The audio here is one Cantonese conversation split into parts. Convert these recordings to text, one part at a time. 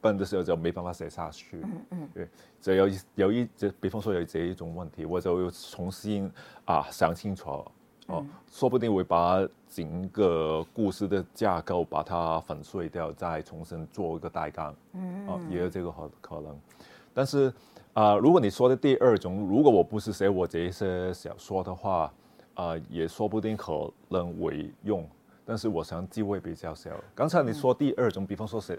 笨的時候就沒辦法寫下去。嗯，對，就有一有一，比方說有這一種問題，我就又重新啊想清楚，哦、啊，嗯、說不定會把整個故事的架構把它粉碎掉，再重新做一個大綱。嗯，哦、啊，也有這個可可能。但是啊，如果你說的第二種，如果我不是寫我這一些小說的話，啊，也說不定可能為用，但是我想機會比較小。剛才你說第二種，嗯、比方說寫。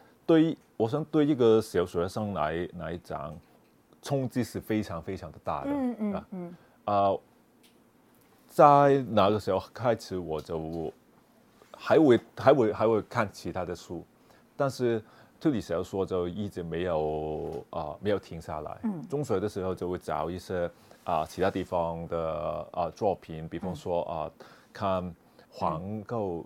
對，我想對一個小學生來來講，衝擊是非常非常的大的。嗯，嗯嗯啊，在那個時候開始我就還，還會還會還會看其他的書，但是，推理小說就一直沒有啊，沒有停下來。嗯、中學的時候就會找一些啊其他地方的啊作品，比方說、嗯、啊，看黃夠。嗯嗯